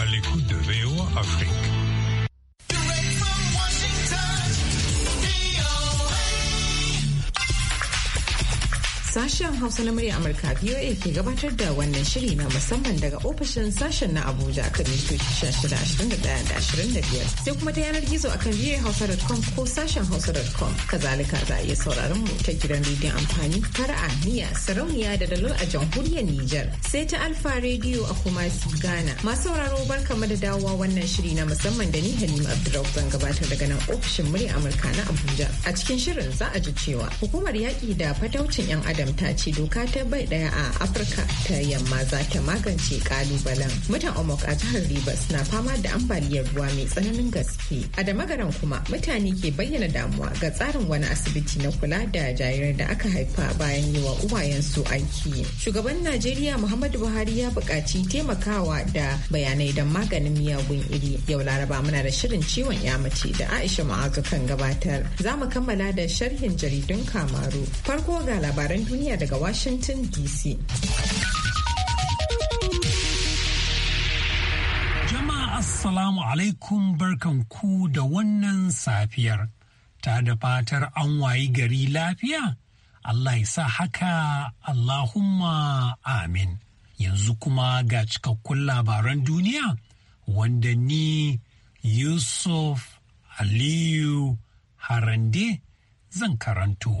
à l'écoute de VOA Afrique. Sashen Hausa na murya Amurka VOA ke gabatar da wannan shiri na musamman daga ofishin sashen na Abuja kan mitoci 1621 sai kuma ta yanar gizo akan voahausa.com ko sashen hausa.com. Kazalika za a iya sauraron mu ta gidan rediyon amfani fara'a niya sarauniya da dalol a jamhuriyar Nijar sai ta Alfa rediyo a kuma Ghana. Masu sauraro kama da dawowa wannan shiri na musamman da ni Halima Abdulrauf zan gabatar daga nan ofishin murya Amurka na Abuja. A cikin shirin za a ji cewa hukumar yaƙi da fataucin 'yan adam ta ta ce doka ta bai daya a Afirka ta yamma za ta magance kalubalen. Mutan Omok a jihar Rivers na fama da ambaliyar ruwa mai tsananin gaske. A da magaran kuma mutane ke bayyana damuwa ga tsarin wani asibiti na kula da jayar da aka haifa bayan yi wa uwayensu aiki. Shugaban Najeriya Muhammadu Buhari ya buƙaci taimakawa da bayanai don maganin miyagun iri. Yau Laraba muna da shirin ciwon ya mace da Aisha Ma'azu kan gabatar. Za mu kammala da sharhin jaridun Kamaru. Farko ga labaran duniyar daga Washington DC. Jama'a Assalamu alaikum ku da wannan safiyar. Ta da fatar an wayi gari lafiya? Allah ya sa haka Allahumma amin. Yanzu kuma ga cikakkun labaran duniya wanda ni Yusuf Aliyu Harande zan karanto.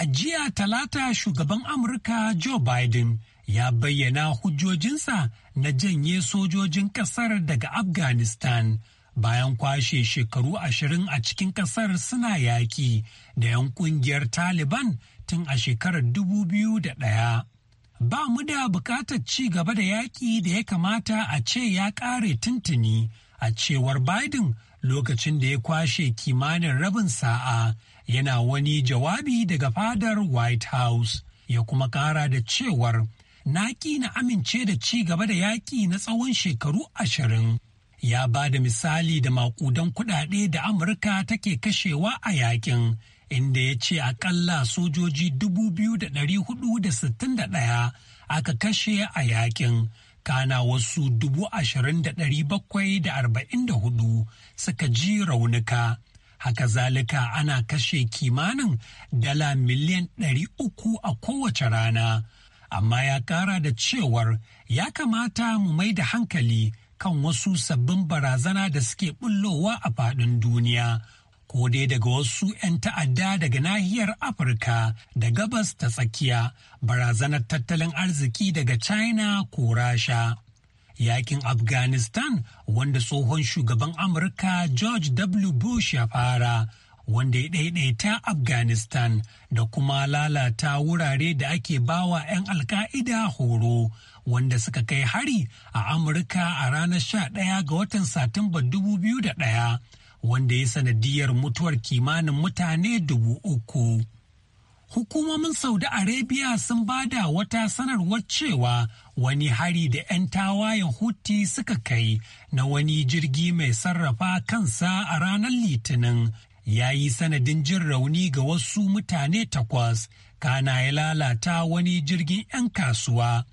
A jiya talata shugaban Amurka Joe Biden ya bayyana hujjojinsa na janye sojojin kasar daga Afghanistan bayan kwashe shekaru ashirin a cikin kasar suna yaƙi da 'yan kungiyar Taliban tun a shekarar 2001. Ba mu da bukatar ci gaba da yaƙi da ya kamata a ce ya ƙare tuntuni a cewar Biden lokacin da ya kwashe kimanin rabin sa'a yana wani jawabi daga fadar White House ya kuma kara da cewar na na amince da ci gaba da yaƙi na tsawon shekaru ashirin. Ya ba da misali da maƙudan kuɗaɗe da Amurka take kashewa a yaƙin, inda ya ce aƙalla sojoji 2,461 aka kashe a yaƙin kana wasu dubu ashirin da ɗari bakwai da arba'in da hudu suka ji raunuka. Haka zalika ana kashe kimanin dala miliyan ɗari uku a kowace rana. Amma ya ƙara da cewar ya kamata mu mai da hankali kan wasu sabbin barazana da suke bullowa a faɗin duniya. ko dai daga wasu 'yan ta'adda daga nahiyar afirka da gabas ta tsakiya barazanar tattalin arziki daga china ko rasha yakin afghanistan wanda tsohon shugaban amurka george w bush ya fara wanda ya ɗaiɗaita afghanistan da kuma lalata wurare da ake bawa 'yan alka'ida horo wanda suka kai hari a amurka a ranar 11 ga watan satumba 2001 wanda ya sanadiyar mutuwar kimanin mutane dubu uku. Hukumomin Saudi Arabia sun bada wata sanarwar cewa wani hari da 'yan tawayen Houthi suka kai na wani jirgi mai sarrafa kansa a ranar Litinin ya yi sanadin jin rauni ga wasu mutane takwas, kana ya lalata wani jirgin 'yan kasuwa.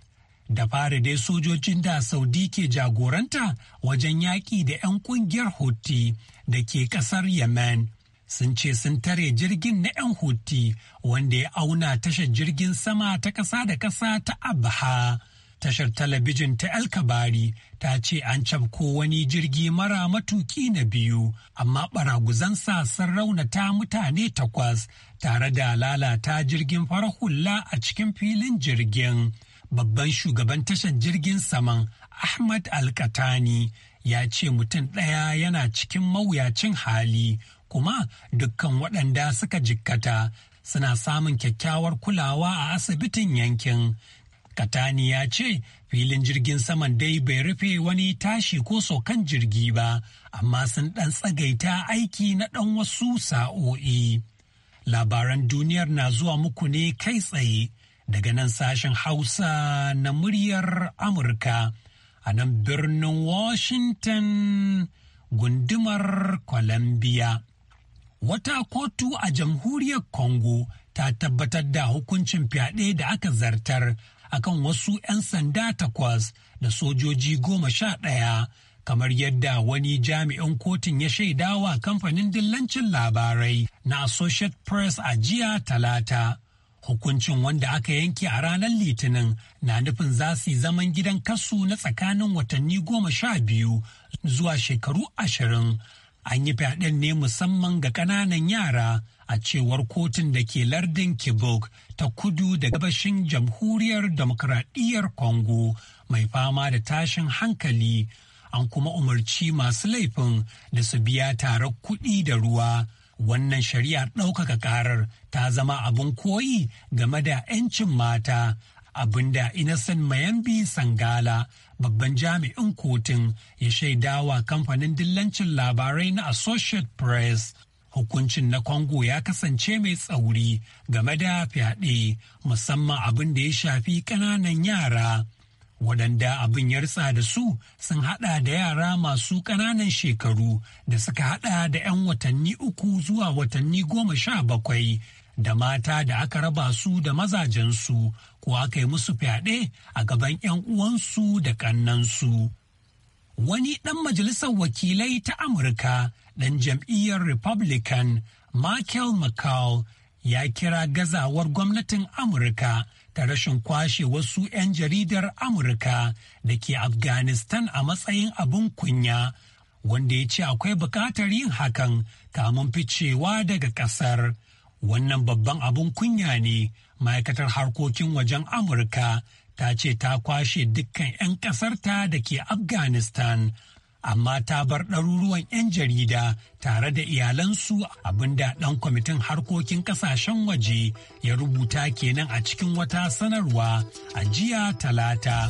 da fara dai sojojin da saudi ke jagoranta wajen yaƙi da 'yan ƙungiyar houthi da ke kasar Yemen sun ce sun tare jirgin na 'yan Houthi wanda ya auna tashar jirgin sama ta ƙasa da ƙasa ta Abha. Tashar talabijin ta El ta ce an cafko wani jirgi mara matuki na biyu, amma baraguzansa sun raunata mutane takwas tare da lalata jirgin farahulla hula a cikin filin jirgin. Babban shugaban tashar jirgin saman Ahmad Alkatani ya ce mutum ɗaya yana cikin mawuyacin hali kuma dukkan waɗanda suka jikkata suna samun kyakkyawar kulawa a asibitin yankin. Katani ya ce filin jirgin saman dai bai rufe wani tashi ko sokan jirgi ba, amma sun ɗan tsagaita aiki na ɗan wasu sa'o'i. Labaran duniyar na zuwa muku ne kai tsaye daga nan sashen Hausa na muryar Amurka. a nan birnin Washington gundumar Columbia. Wata kotu a jamhuriyar Congo ta tabbatar da hukuncin fyaɗe da aka zartar akan wasu 'yan sanda takwas da sojoji goma sha ɗaya kamar yadda wani jami'in kotun ya shaidawa kamfanin dillancin labarai na Associate Press a jiya talata. Hukuncin wanda aka yanke a ranar Litinin na nufin za su yi zaman gidan kasu na tsakanin watanni goma sha biyu zuwa shekaru ashirin. An yi fyaɗen ne musamman ga ƙananan yara a cewar kotun da ke lardin Kibok ta kudu da gabashin jamhuriyar demokradiyyar Congo mai fama da tashin hankali. An kuma umarci masu laifin da su biya tare kuɗi da ruwa. wannan shari'a ɗaukaka ƙarar ta zama abin koyi game da 'yancin mata abinda innocent mayambi sangala babban jami'in kotun ya shaidawa kamfanin dillancin labarai na associate press hukuncin na Congo ya kasance mai tsauri game da fyaɗe musamman abin da ya shafi ƙananan yara. waɗanda abin ya ritsa da su sun haɗa da yara masu ƙananan shekaru da suka haɗa da 'yan watanni uku zuwa watanni goma sha bakwai da mata da aka raba su da mazajensu ko aka yi musu fyaɗe a gaban 'yan uwansu da ƙannansu. Wani ɗan majalisar wakilai ta Amurka ɗan jam'iyyar Republican Michael McCall ya kira gazawar gwamnatin Amurka da rashin kwashe wasu 'yan jaridar Amurka da ke Afghanistan a matsayin abin kunya, wanda ya ce akwai bukatar yin hakan kamun ficewa daga ƙasar. Wannan babban abin kunya ne, ma'aikatar harkokin wajen Amurka ta ce ta kwashe dukkan 'yan ƙasarta da ke Afghanistan amma ta bar ɗaruruwan 'yan jarida tare da iyalansu abinda ɗan kwamitin harkokin ƙasashen waje ya rubuta kenan a cikin wata sanarwa a jiya talata.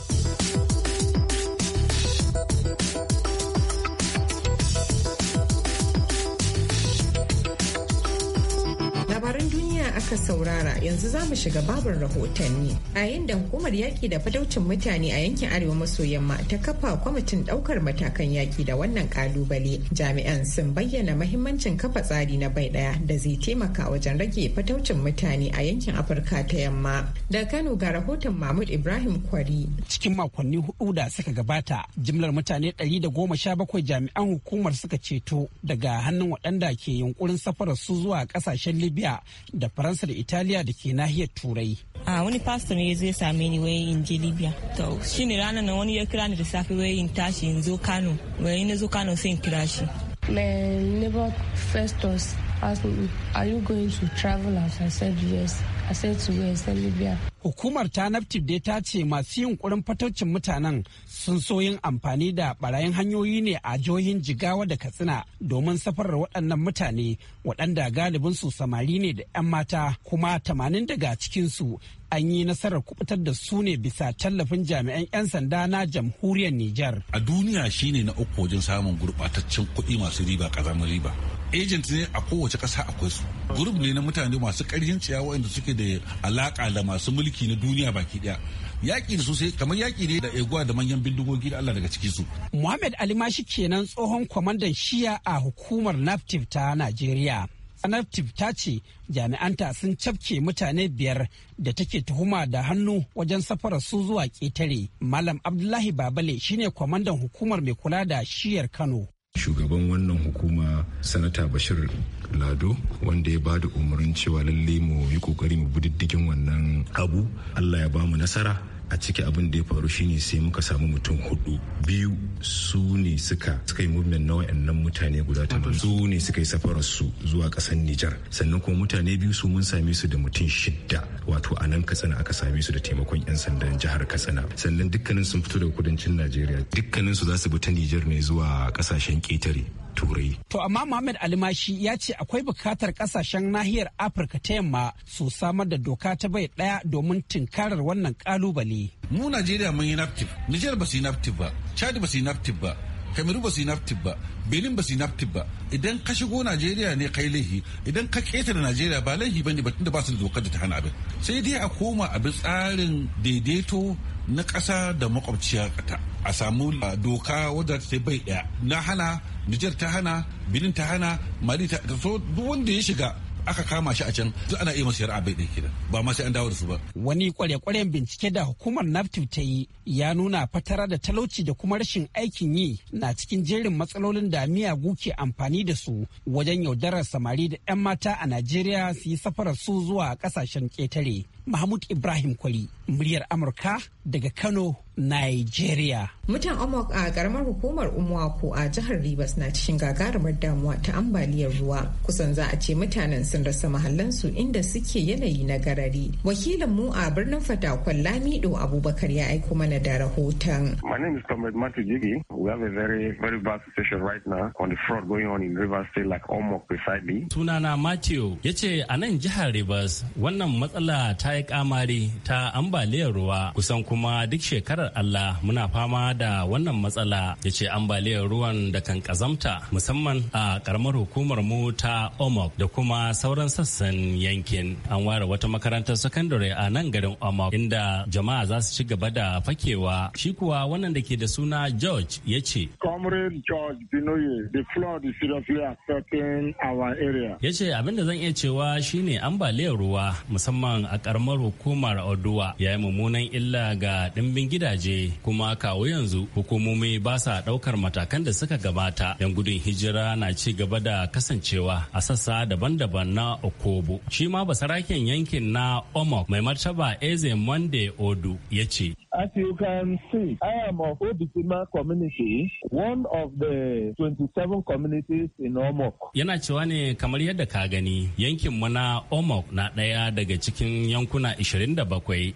Labarin wannan aka saurara yanzu za mu shiga babin rahotanni. A yadda hukumar yaƙi da fadaucin mutane a yankin Arewa maso yamma ta kafa kwamitin ɗaukar matakan yaƙi da wannan ƙalubale. Jami'an sun bayyana mahimmancin kafa tsari na bai ɗaya da zai taimaka wajen rage fadaucin mutane a yankin Afirka ta yamma. Da Kano ga rahoton Mahmud Ibrahim Kwari. Cikin makonni hudu da suka gabata jimlar mutane ɗari da goma sha bakwai jami'an hukumar suka ceto daga hannun waɗanda ke yunkurin safarar su zuwa ƙasashen Libya da faransa da italiya da ke nahiyar turai a wani pastor ne zai same ni wai in je libya to shine ranar nan wani ya kira ni da safe wai in tashi in zo kano wai na zo kano sai in kira shi my neighbor festus asked me are you going to travel as i said yes i said to yes libya hukumar ta naftif dai ta ce masu yunkurin fataucin mutanen sun so yin amfani da barayin hanyoyi ne a jihohin jigawa da katsina domin safarar waɗannan mutane waɗanda galibinsu samari ne da 'yan mata kuma tamanin daga cikinsu an yi nasarar kubutar da su ne bisa tallafin jami'an 'yan sanda na jamhuriyar Nijar. A duniya shine na uku wajen samun gurbataccen kuɗi masu riba ƙazamar riba. Agent ne a kowace ƙasa akwai su. Gurub ne na mutane masu ƙarfin ciyawa waɗanda suke da alaƙa da masu mulki na duniya baki ɗaya. yaƙi da sosai kamar yaƙi ne da eguwa da manyan bindigogi da Allah daga ciki su. Muhammad Alimashi kenan tsohon kwamandan shiya a hukumar Naftif ta Najeriya. Anaptip ta ce jami'anta sun cafke mutane biyar da take tuhuma da hannu wajen safarar su zuwa ƙetare. Malam Abdullahi Babale shine kwamandan hukumar mai kula da shiyar Kano. Shugaban wannan hukuma Sanata Bashir Lado wanda ya bada umarnin cewa lalle mu yi kokari mu bi diddigin wannan abu. Allah ya bamu nasara. a ciki abin da ya faru shine sai muka samu mutum hudu biyu su ne suka suka yi movement na wayannan mutane guda tamanin su ne suka yi safarar su zuwa kasar Nijar sannan kuma mutane biyu su mun same su da mutum shidda wato a nan Katsina aka same su da taimakon yan sandan jihar Katsina sannan dukkanin sun fito daga kudancin Najeriya dukkanin su za su bi ta Nijar ne zuwa kasashen ƙetare turai. To amma Muhammad Alimashi ya ce akwai bukatar kasashen nahiyar Afirka ta yamma su samar da doka ta bai daya domin tinkarar wannan kalubale. Mu Najeriya mun yi naftif, Nijar ba su yi naftif ba, Chad ba su yi naftif ba, Kamaru ba su yi naftif ba, Benin ba su yi naftif ba. Idan ka shigo Najeriya ne kai laihi, idan ka keta da Najeriya ba laihi ne ba tunda ba su da dokar da ta hana abin. Sai dai a koma abin tsarin daidaito na ƙasa da makwabciya ta. a samu doka wadda ta bai daya na hana nijar ta hana benin ta hana mali ta so duk wanda ya shiga aka kama shi a can duk ana iya masa yar'a bai ɗaya kenan ba ma sai an dawo da su ba. Wani kware-kwaren bincike da hukumar NAFTU ta yi ya nuna fatara da talauci da kuma rashin aikin yi na cikin jerin matsalolin da miyagu ke amfani da su wajen yaudarar samari da 'yan mata a Najeriya su yi safarar su zuwa kasashen ketare Mahmud Ibrahim Kwari, muryar Amurka daga Kano, Nigeria. Mutan Omok a karamar hukumar Umuwako a jihar Rivers na cikin gagarumar damuwa ta ambaliyar ruwa. Kusan za a ce mutanen sun rasa mahallansu inda suke yanayi na garari. Wakilin mu a birnin Fatakwal Lamido Abubakar ya aiko mana da rahoton. My name is Rivers State like Omok Sunana Matthew ya ce a nan jihar Rivers wannan matsala ta yi ta ambaliyar ruwa kusan kuma duk shekarar Allah muna fama da wannan matsala ya ce ambaliyar ruwan da kan kazamta musamman a karamar hukumar mu ta Omok da kuma sauran sassan yankin. An ware wata makarantar sakandare a nan garin Omok inda jama'a za su ci gaba da fakewa. Shi kuwa wannan da ke da suna George ya ce. Comrade George Binoye, the flood is seriously affecting our area. Ya ce abin da zan iya cewa shine ambaliyar ruwa musamman a karamar hukumar Oduwa ya yi mummunan illa ga ɗimbin gidaje kuma kawo yanzu hukumomi ba sa ɗaukar matakan da suka gabata yan gudun hijira na ci gaba da kasancewa a sassa daban-daban na Okobo. Shi ma basaraken yankin na Omok mai martaba Eze Monday Odu ya ce. As you can see, I am of Odisima community, one of the 27 communities in Omok. Yana cewa ne kamar yadda ka gani yankin mu na Omok na ɗaya daga cikin yankuna 27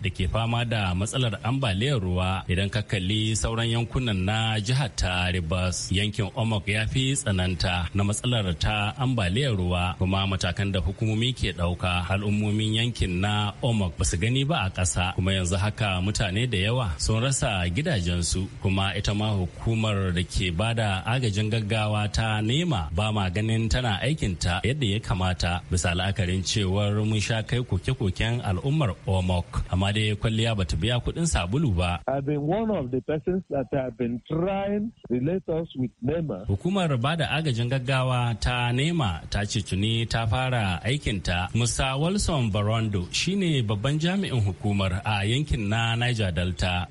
da ke fama da matsalar ambaliyar ruwa idan ka kalli sauran yankunan na jihar ta Rivers. Yankin Omok ya fi tsananta na matsalar ta ambaliyar ruwa kuma matakan da hukumomi ke ɗauka al'ummomin yankin na Omok ba su gani ba a ƙasa kuma yanzu haka mutane da yawa yawa sun rasa gidajensu kuma ita ma hukumar da ke bada agajin gaggawa ta nema ba ma ganin tana aikinta yadda ya kamata bisa la'akarin cewar mun sha kai koke-koken al'ummar omok amma dai kwalliya ba ta biya kuɗin sabulu ba. Hukumar bada agajin gaggawa ta nema ta ce tuni ta fara aikinta. Musa Wilson Barondo shine babban jami'in hukumar a yankin na Niger Delta. Delta.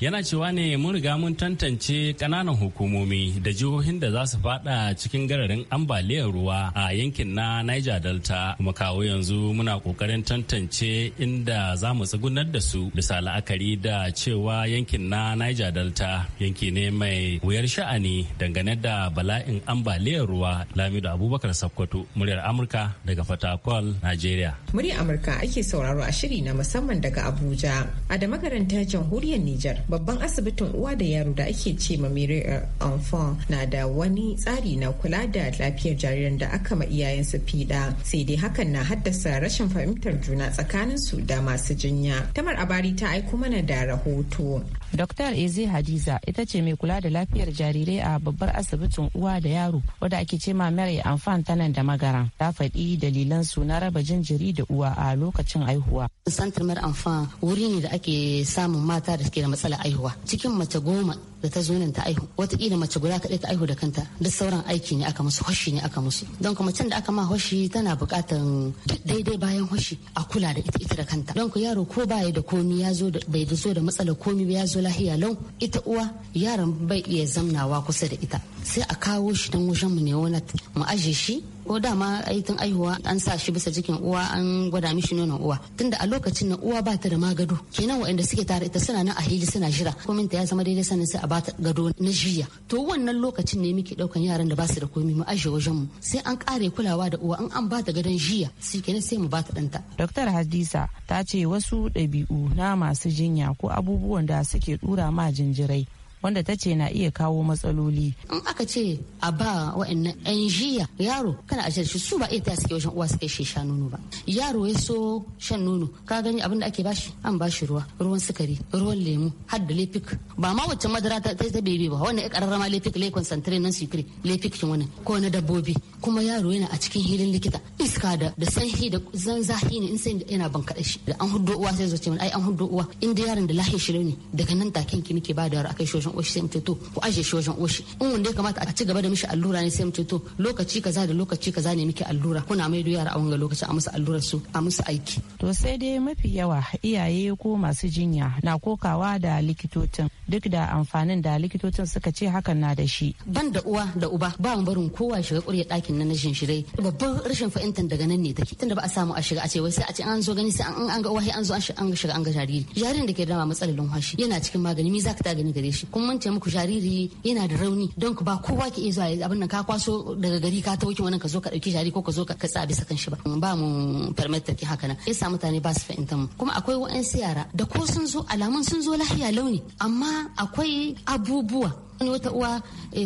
Yana cewa ne mun riga mun tantance ƙananan hukumomi da jihohin da za su fada cikin gararin ambaliyar ruwa a yankin na Niger Delta kuma kawo yanzu muna ƙoƙarin tantance inda za mu tsugunar da su bisa la'akari da cewa yankin na Niger Delta yanki ne mai wuyar sha'ani dangane da bala'in ambaliyar ruwa Lamido Abubakar Sakkwato, muryar Amurka daga Fatakwal, Najeriya. Muryar Amurka ake sauraro a shiri na musamman daga Abuja. A da makarantar jamhuriyar Nijar, babban asibitin uwa da yaro da ake ce ma Miriyar Enfant na da wani tsari na kula da lafiyar jaririn da aka ma iyayen su fiɗa. Sai dai hakan na haddasa rashin fahimtar juna tsakanin su da masu jinya. Tamar Abari ta aiko mana da rahoto. Dr. Eze Hadiza ita ce mai kula da lafiyar jarirai a babbar asibitin uwa da yaro wadda ake ce ma Mary Amfan tanan da magara. Ta faɗi dalilan su na raba jinjiri da uwa a lokacin aihuwa. Santar Mary Amfan wuri ne da ake samun mata da suke da matsalar aihuwa. Cikin mace goma da ta zo nan ta aihu wataƙila mace guda kaɗai ta aihu da kanta duk sauran aiki ne aka musu hoshi ne aka musu don kuma can da aka ma hoshi tana buƙatar daidai bayan hoshi a kula da ita ita da kanta don ku yaro ko baya da komi ya zo da bai zo da matsalar komi ya zo lahiya lau ita uwa yaron bai iya zamnawa kusa da ita sai a kawo shi don wajen mu ne wani mu aje shi ko dama tun aihuwa an sa shi bisa jikin uwa an gwada mishi nonon uwa tunda a lokacin na uwa ba ta da magado kenan waɗanda suke tare ita suna nan a hili suna jira komin ta ya zama daidai sanin sai a bata gado na jiya to wannan lokacin ne muke daukan yaran da ba su da komi mu aje wajen mu sai an kare kulawa da uwa an an bata gadon jiya su kenan sai mu bata danta Dr. Hadisa ta ce wasu dabi'u na masu jinya ko abubuwan da suke dura ma jinjirai wanda ta ce na iya kawo matsaloli. In aka ce a ba wa'annan 'yan jiya yaro kana a shi su ba iya ta suke wajen uwa suke shi sha nono ba. Yaro ya so shan nono ka gani abin da ake bashi an bashi ruwa ruwan sukari ruwan lemu har da lefik ba ma wacce madara ta ta bebe ba wannan kararra ma lefik lai concentrate nan su kire lefik kin wannan ko na dabbobi kuma yaro yana a cikin hilin likita iska da da sanhi da zanzahi ne in sai yana ban kada shi da an huddo uwa sai zo ce mana ai an huddo uwa inda yaron da lahi shi ne daga nan takin ki nake ba da yaro akai shoshin oshi sai mu ce to ku aje shi wajen oshi in wanda ya kamata a ci gaba da mishi allura ne sai mu to lokaci kaza da lokaci kaza ne miki allura kuna maido yara a wanga lokaci a musu allurar su a musu aiki to sai dai mafi yawa iyaye ko masu jinya na kokawa da likitocin duk da amfanin da likitocin suka ce hakan na da shi ban da uwa da uba ba mu barin kowa shiga ƙurya ɗakin na nashin shirai babban rashin fahimtar daga nan ne take tunda ba a samu a shiga a ce wai sai a ce an zo gani sai an ga wahi an zo an shiga an ga jariri jaririn da ke da matsalar hashi yana cikin magani me zaka ta gani gare shi kuma mance muku jariri yana da rauni don ba kowa ke iya zuwa abin nan ka kwaso daga gari ka ta wuce wani ka zo ka dauki jariri ko ka zo ka katsa bisa kan shi ba ba mu permit ki haka nan yasa mutane ba su fahimta mu kuma akwai wa'ansu yara da ko sun zo alamun sun zo lafiya launi amma akwai abubuwa Wani wata uwa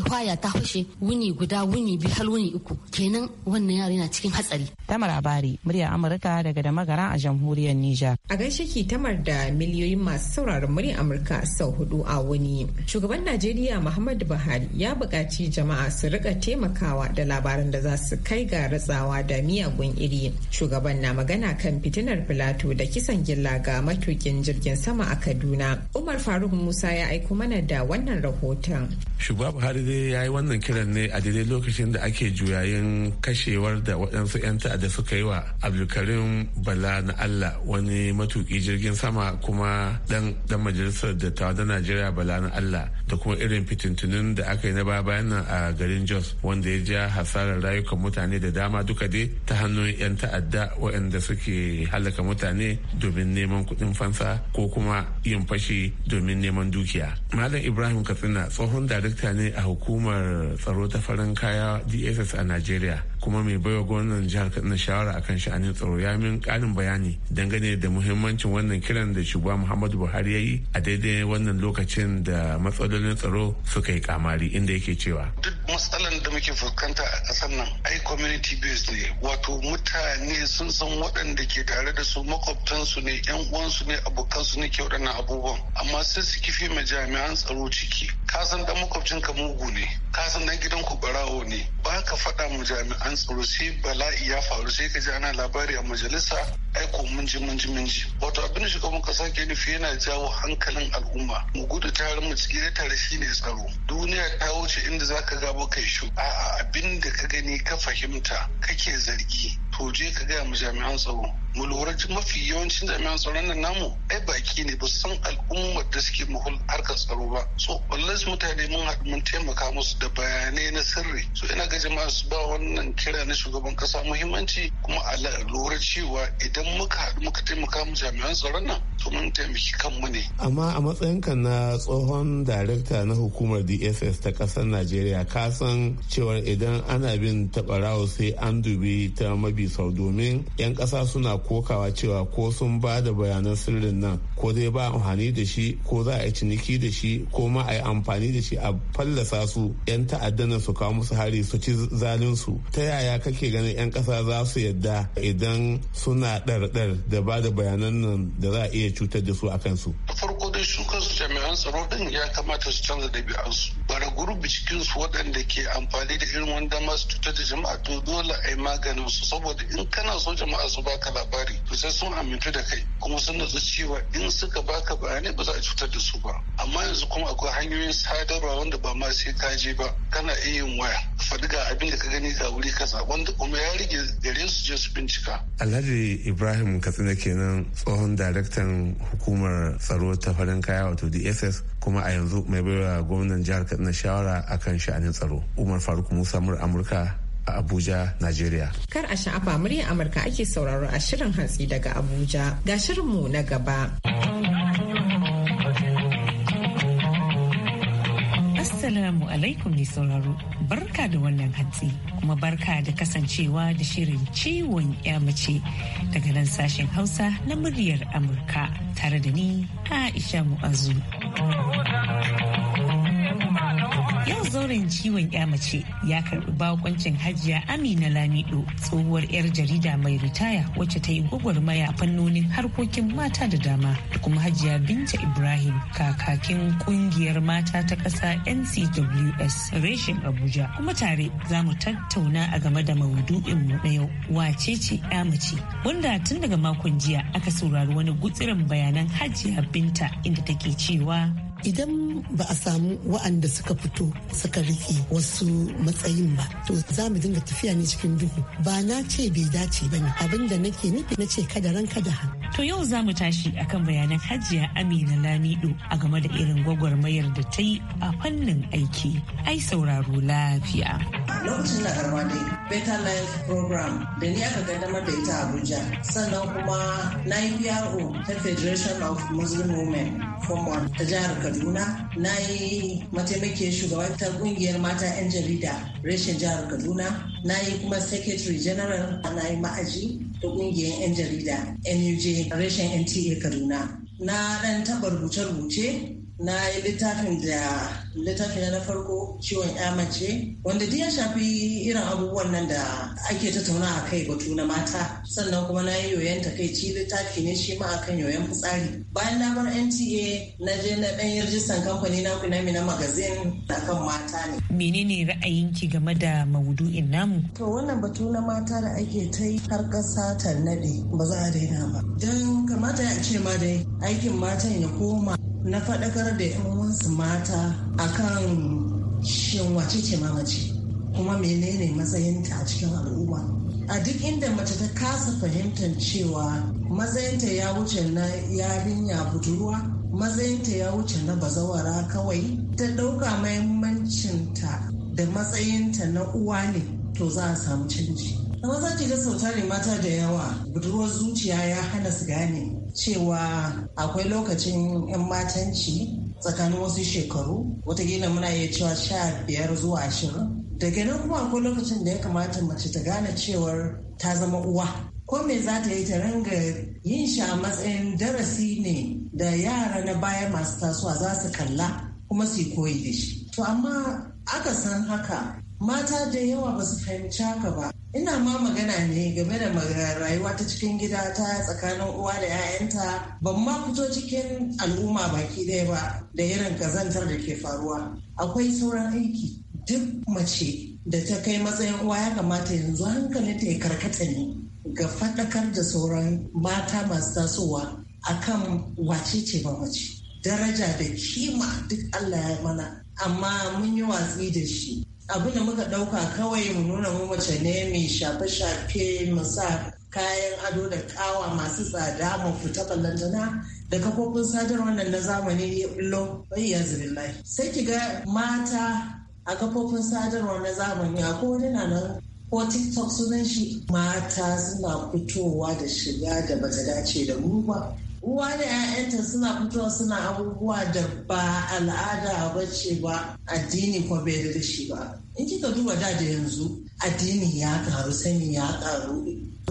hwaya eh, ta fashe wuni guda wuni biyu har wuni uku kenan wannan yaro yana cikin hatsari. Tamar Abari murya Amurka daga da magara a jamhuriyar Nijar. A gaishe ki tamar da miliyoyin masu sauraron murya Amurka sau hudu a wuni. Shugaban Najeriya Muhammadu Buhari ya buƙaci jama'a su rika taimakawa da labaran da za su kai ga ratsawa da miyagun iri. Shugaban na magana kan fitinar Filato da kisan gilla ga matukin jirgin sama a Kaduna. Umar Faruk Musa ya aiko mana da wannan rahoton. kiran shugaba buhari dai ya yi wannan kiran ne a daidai lokacin da ake juyayin kashewar da waɗansu 'yan ta'adda suka yi wa abdulkarim bala na allah wani matuki jirgin sama kuma dan majalisar dattawa na najeriya bala na allah da kuma irin fitintunin da aka yi na ba bayan nan a garin jos wanda ya ja hasarar rayukan mutane da dama duka dai ta hannun 'yan ta'adda waɗanda suke halaka mutane domin neman kuɗin fansa ko kuma yin fashi domin neman dukiya malam ibrahim katsina tsohon darakta ne a hukumar tsaro ta farin kaya dss a najeriya kuma mai baiwa gwamnan jihar na shawara akan sha'anin tsaro ya min karin bayani dangane da muhimmancin wannan kiran da shugaba Muhammadu Buhari ya yi a daidai wannan lokacin da matsalolin tsaro suka yi kamari inda yake cewa. matsalan da muke fuskanta a ƙasar nan ai community based ne wato mutane sun san waɗanda ke tare da su makwabtansu ne yan uwansu ne abokansu ne ke waɗannan abubuwan amma sai su kifi ma jami'an tsaro ciki ka san dan makwabcin ka mugu ne ka san dan gidan ku barawo ne ba ka faɗa ma jami'an tsaro sai bala'i ya faru sai ka ji ana labari a majalisa aiko minji minji minji wato abin da shugaban kasa ke nufi yana jawo hankalin al'umma mu gudu tare mu gida tare shine tsaro duniya ta wuce inda zaka gabo kai shu a'a abin da ka gani ka fahimta kake zargi to je ka gaya mu jami'an tsaro mu lura mafi yawancin jami'an tsaron nan namu ai baki ne ba san al'ummar da suke muhul harkar tsaro ba so wallahi mutane mun haɗu mun taimaka musu da bayanai na sirri so ina ga jama'a su ba wannan kira na shugaban kasa muhimmanci kuma a lura cewa idan muka haɗu muka taimaka mu jami'an tsaron nan to mun taimaki kanmu ne amma a matsayinka na tsohon darekta na hukumar dss ta ƙasar najeriya ka san cewa idan ana bin taɓarawo sai an dubi ta mabi sau domin 'yan ƙasa suna kokawa cewa ko sun ba da bayanan sirrin nan ko dai ba amfani da shi ko za a yi ciniki da shi ko ma a yi amfani da shi a fallasa su 'yan ta'adda na su kawo musu hari su ci zalinsu ta yaya kake ganin 'yan ƙasa za su yadda idan suna ɗarɗar da ba da bayanan nan da za a iya cutar da su a kansu. dai su kansu jami'an tsaro din ya kamata su canza ɗabi'ansu bara gurbi cikin su waɗanda ke amfani da irin wani dama su cutar da jama'a to dole a yi maganin su saboda in kana so jama'a su baka labari to sai sun amintu da kai kuma sun natsu cewa in suka baka bayanai ba za a cutar da su ba amma yanzu kuma akwai hanyoyin sadarwa wanda ba ma sai ka je ba kana iya yin waya faɗi ga abin da ka gani ga wuri kaza wanda kuma ya rage gare su je su bincika. Alhaji Ibrahim Katsina kenan tsohon daraktan hukumar tsaro ta farin kaya wato dss kuma a yanzu mai baiwa gwamnan jihar kaduna shawara a akan sha'anin tsaro umar faruk musa mur amurka a Abuja, Najeriya. Kar a sha'afa murya Amurka ake sauraro a shirin hatsi daga Abuja. Ga shirinmu na gaba. Assalamu alaikum ne sauraro. Barka da wannan hantsi kuma barka da kasancewa da shirin ciwon mace daga nan sashen Hausa na muryar Amurka tare da ni Aisha Mu'azu. Yau zauren ciwon ya mace ya karbi bakoncin hajiya Amina Lamido tsohuwar 'yar jarida mai ritaya wacce ta yi gwagwarmaya fannonin harkokin mata da dama da kuma hajiya Binta Ibrahim kakakin kungiyar mata ta ƙasa NCWS reshen Abuja. Kuma tare za mu tattauna a game da maudu'in mu na yau wace ce ya mace wanda tun daga makon jiya aka saurari wani gutsirin bayanan hajiya Binta inda take cewa idan ba a samu wa'anda suka fito suka riƙe wasu matsayin ba to za mu dinga tafiya ne cikin duhu ba na ce bai dace ba ne abin da nake nufi na ce kada ran kada ha. to yau za mu tashi akan bayanan hajiya amina lamido a game da irin gwagwarmayar da ta yi a fannin aiki ai sauraro lafiya. lokacin da karma dai better life program da ni aka gaddamar da ita abuja sannan kuma na yi ta federation of muslim women one ta jihar kaduna na yi mataimakiyar shugabantar kungiyar mata 'yan jarida reshen jihar kaduna na yi kuma secretary general na yi ma'aji da kungiyar 'yan jarida nuj reshen nta kaduna na dan taba rubuce-rubuce na yi littafin da littafin na farko ciwon ya mace wanda duk ya shafi irin abubuwan nan da ake tattauna a kai batu na mata sannan kuma na yi yoyon takaici littafi ne shi ma akan yoyon fitsari bayan na bar nta na je na dan yi rajistan kamfani na kunami na magazin akan mata ne menene ki game da maudu'in namu to wannan batu na mata da ake ta yi har ƙasa tarnaɗe ba za a daina ba don kamata ya ce ma dai aikin matan ya koma na faɗakar da 'yan uwansu mata akan shin wace ce mamaci kuma menene matsayinta a cikin al'umma a duk inda mace ta kasa fahimtar cewa matsayinta ya wuce na yarinya budurwa matsayinta ya wuce na bazawara kawai ta ɗauka mahimmancinta da matsayinta na uwa ne to za a samu canji maza ta ga mata da yawa budurwar zuciya ya hana su gane cewa akwai lokacin 'yan matanci tsakanin wasu shekaru watakila muna iya cewa sha biyar zuwa ashirin daga nan kuma akwai lokacin da ya kamata mace ta gane cewar ta zama uwa ko me za ta yi ta ranga yin sha matsayin darasi ne da yara na baya masu tasowa za su kalla kuma su koyi da shi to amma aka san haka mata da yawa ba su fahimci haka ba ina ma magana ne game da rayuwa ta cikin gida ta tsakanin uwa da 'ya'yanta ban ma fito cikin al'umma baki ɗaya ba da irin kazantar da ke faruwa akwai sauran aiki duk mace da ta kai matsayin uwa ya kamata yanzu hankali ta yi karkata ne ga faɗakar da sauran mata masu tasowa akan wace ce ba mace daraja da kima duk allah ya mana amma mun yi watsi da shi abin da muka ɗauka kawai mu nuna mu mace ne mai shafe-shafe mu sa kayan ado da kawa masu tsada mu fita ballantana da kafofin sadarwar nan na zamani ya bullo bayya zubillahi sai ki ga mata a kafofin sadarwa na zamani a kowane na nan ko tiktok sunan shi mata suna fitowa da shiga da bata dace da mu ba uwa da 'ya'yanta suna fitowa suna abubuwa da ba al'ada ba ce ba addini ko bai da shi ba in kika duba da da yanzu addini ya karu sani ya karu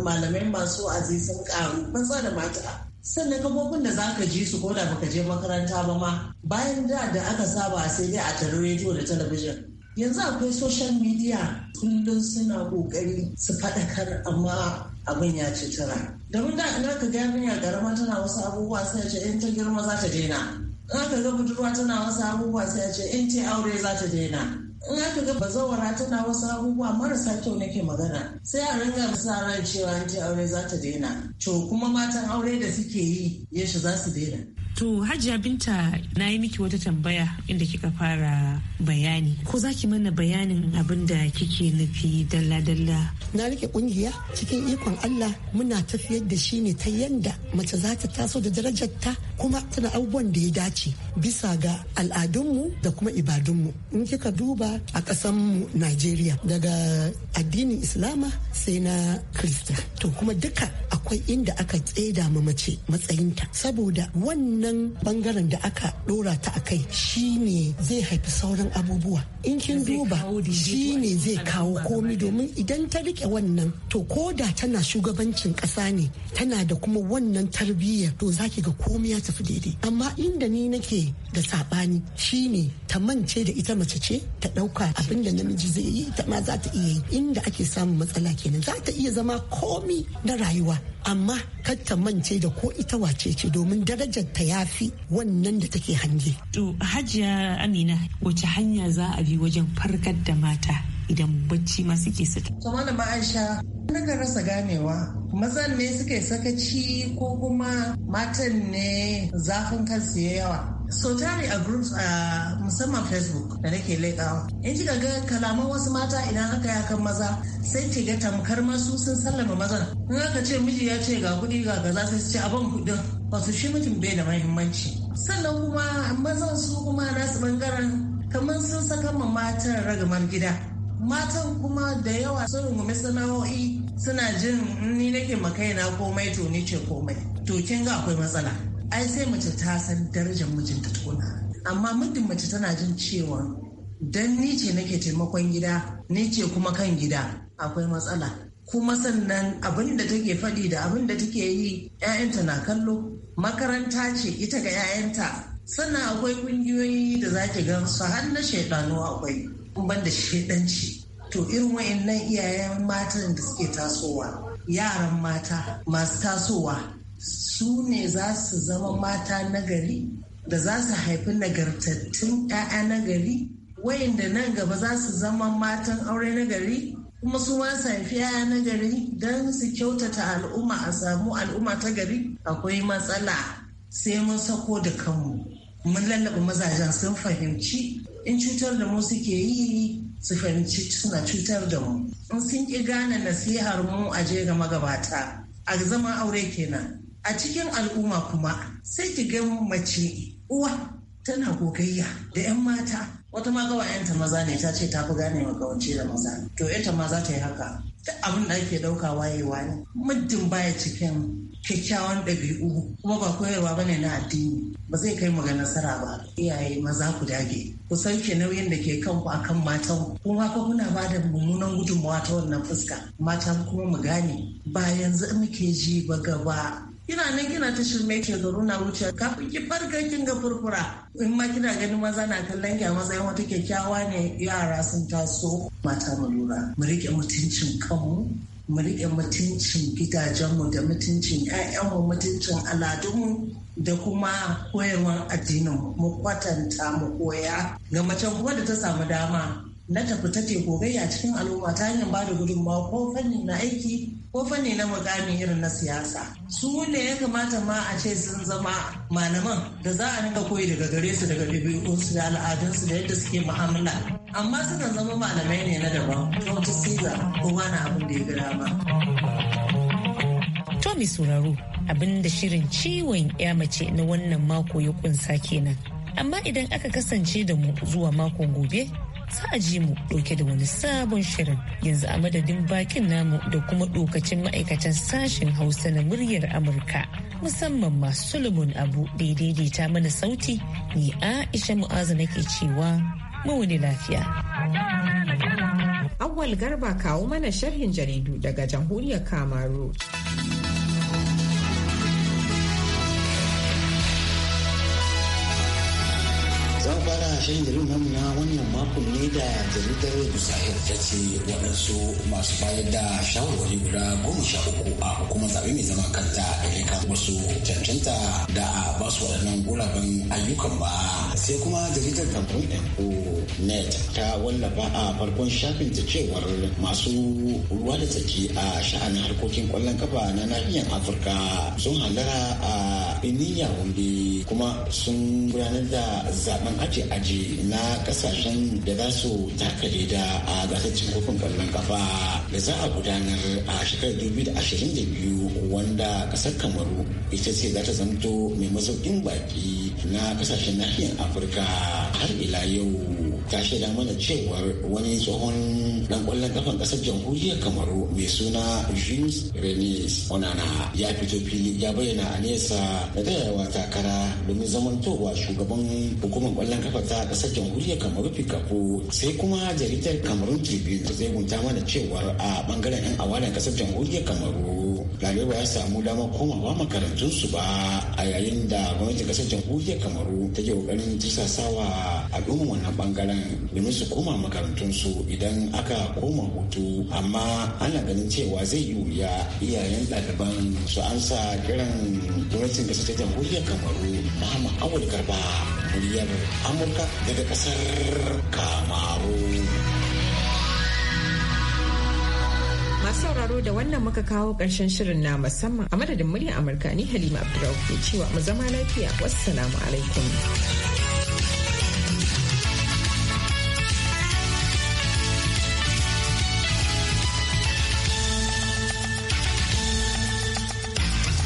malamai masu azi sun karu matsa da mata sannan kafofin da za ka ji su ko da baka je makaranta ba ma bayan da da aka saba sai dai a tare rediyo da talabijin yanzu akwai social media kullum suna kokari su faɗakar amma abin ya ci da domin da ina ka ga yarinya garama tana wasu abubuwa sai ce in ta girma za ta daina in aka ga budurwa tana wasu abubuwa sai ce in ta aure za ta daina in aka ga bazawara tana wasu abubuwa marasa kyau nake magana sai a ringa sa ran cewa in ta aure za ta daina to kuma matan aure da suke yi yashi za su daina To Hajiya Binta na yi miki wata tambaya inda kika fara bayani. Ko za ki mana bayanin abin da kike nufi dalla-dalla? Na rike kungiya cikin ikon Allah muna tafiyar da shi ne ta yanda mace za ta taso da darajarta kuma tana abubuwan da ya dace bisa ga al'adunmu da kuma ibadunmu. In kika duba a ƙasanmu Najeriya daga addinin Islama sai na Kirista. To kuma duka akwai inda aka tseda ma mace matsayinta saboda wannan wannan bangaren da aka dora ta a kai shi ne zai haifi sauran abubuwa in kin duba shi ne zai kawo komi domin idan ta rike wannan to ko da tana shugabancin kasa ne tana da kuma wannan tarbiyyar to zaki ga komi ya tafi daidai amma inda ni nake da sabani ne ta mance da ita mace ce ta dauka abin da namiji zai yi ta ma za ta iya yi inda ake samun matsala kenan za ta iya zama komi na rayuwa amma kar mance da ko ita wace ce domin darajar ta ya fi wannan da take hange. To Hajiya Amina wace hanya za a bi wajen farkar da mata idan bacci ma suke sata. To malama Aisha nakan rasa ganewa mazan ne suke sakaci ko kuma matan ne zafin kansu ya yawa. so tare a groups a musamman facebook da nake laikawa in kika ga kalaman wasu mata idan aka ya kan maza sai ke ga tamkar masu sun sallama mazan in aka ce miji ya ce ga kuɗi ga gaza sai su ce abin kudin wasu shi mutum bai da mahimmanci sannan kuma mazan su kuma nasu bangaren kamar sun saka ma matan ragamar gida matan kuma da yawa sun rungumi sana'o'i suna jin ni nake makaina komai to ni ce komai to kin ga akwai matsala ai sai mace ta san darajar mijinta tukuna amma muddin mace tana jin cewa dan ni ce nake taimakon gida ni ce kuma kan gida akwai matsala kuma sannan abin da take faɗi da abin da take yi 'ya'yanta na kallo makaranta ce ita ga 'ya'yanta sannan akwai ƙungiyoyi da za ki gan su har na shaidanu akwai ban da shaidanci to irin wayannan iyayen matan da suke tasowa yaran mata masu tasowa su ne za su zama mata nagari da za su haifi nagartattun 'ya'ya nagari wayanda nan gaba za su zama matan aure nagari kuma su ma su haifi 'ya'ya nagari don su kyautata al'umma a samu al'umma ta gari akwai matsala sai mun sako da kanmu mun lallaba mazajen sun fahimci in cutar da mu suke yi su fahimci suna cutar da mu in sun ƙi gane nasihar mu a je ga magabata a zaman aure kenan a cikin al'umma kuma sai ki ga mace uwa tana gogayya da 'yan mata wata ma gawa 'yanta maza ne ta ce ta fi gane wa gawance da maza to 'yanta ma za ta yi haka ta abin da ake ɗauka wayewa ne muddin baya cikin kyakkyawan ɗabi'u kuma ba koyarwa bane na addini ba zai kai mu ga nasara ba iyaye maza ku dage ku sauke nauyin da ke kanku akan matan kuma fa kuna ba da mummunan gudunmawa ta wannan fuska mata kuma mu gane ba yanzu muke ji ba gaba kina nan kina ta shirme da na wuce kafin ki farka kin ga furfura in ma kina ganin maza na kallon ki a matsayin wata kyakkyawa ne yara sun taso mata mu lura mu rike mutuncin kanmu mu rike mutuncin gidajenmu da mutuncin 'ya'yanmu mutuncin aladunmu da kuma koyarwar addinin mu kwatanta mu koya ga mace kuma da ta samu dama na tafi ta a cikin al'umma ta hanyar ba da gudunmawa ko fanni na aiki ko fanni na mukami irin na siyasa su ne ya kamata ma a ce sun zama malaman da za a rinka koyi daga gare su daga ɗabi'unsu da al'adunsu da yadda suke mu'amala amma suna zama malamai ne na daban ta wata siga ko wani abin da ya gara ba. Tommy Sauraro abin da shirin ciwon ya mace na wannan mako ya kunsa kenan. Amma idan aka kasance da mu zuwa makon gobe za a ji mu ɗauke da wani sabon shirin yanzu a madadin bakin namu da kuma ɗokacin ma'aikatan sashen hausa na muryar amurka musamman ma solomon abu da daidaita mana sauti ni aisha mu'azu nake cewa mawani lafiya awwal garba kawo mana sharhin jaridu daga jamhuriyar kamaru zan ƙarshen da namu na wannan makon ne da jaridar zahir ta ce waɗansu masu bayar da shawarwari guda goma sha uku a hukumar zaɓe mai zama kanta da ya kan wasu cancanta da a ba su waɗannan guraben ayyukan ba. Sai kuma jaridar Tampon ko Net ta wallafa a farkon shafin ta cewar masu ruwa da tsaki a sha'anin harkokin kwallon kafa na nahiyar Afirka sun halara a Benin kuma sun gudanar da zaben ajiye waje na kasashen da za su taka da a gasar kofin kallon kafa da za a gudanar a shekarar 2022 wanda kasar kamaru ita ce za ta zamto mai masaukin baki na kasashen nahiyar afirka har ila yau ta shaida mana cewar wani tsohon dan kwallon kafan kasar jamhuriyar kamaru mai suna jules renis onana ya fito fili ya bayyana a nesa da tsayawa takara domin zamantowa shugaban hukumar kwallon kafa ta kasar jamhuriyar kamaru fikafo sai kuma jaridar kamarun tribune zai gunta mana cewar a bangaren yan awalan kasar jamhuriyar kamaru ɗalibai ba ya samu damar komawa makarantunsu ba a yayin da gwamnatin kasar jamhuriyar kamaru ta take ƙoƙarin a domin wannan bangaren domin su koma makarantunsu idan aka koma hutu amma ana ganin cewa zai yi wuya iyayen ɗaliban su ansa kiran gwamnatin kasar ta jamhuriyar kamaru muhammad awul garba muryar amurka daga ƙasar kamaru. masu sauraro da wannan muka kawo ƙarshen shirin na musamman a madadin muryar Amurka ni Halima abdullahi ke cewa mu zama lafiya wassalamu alaikum.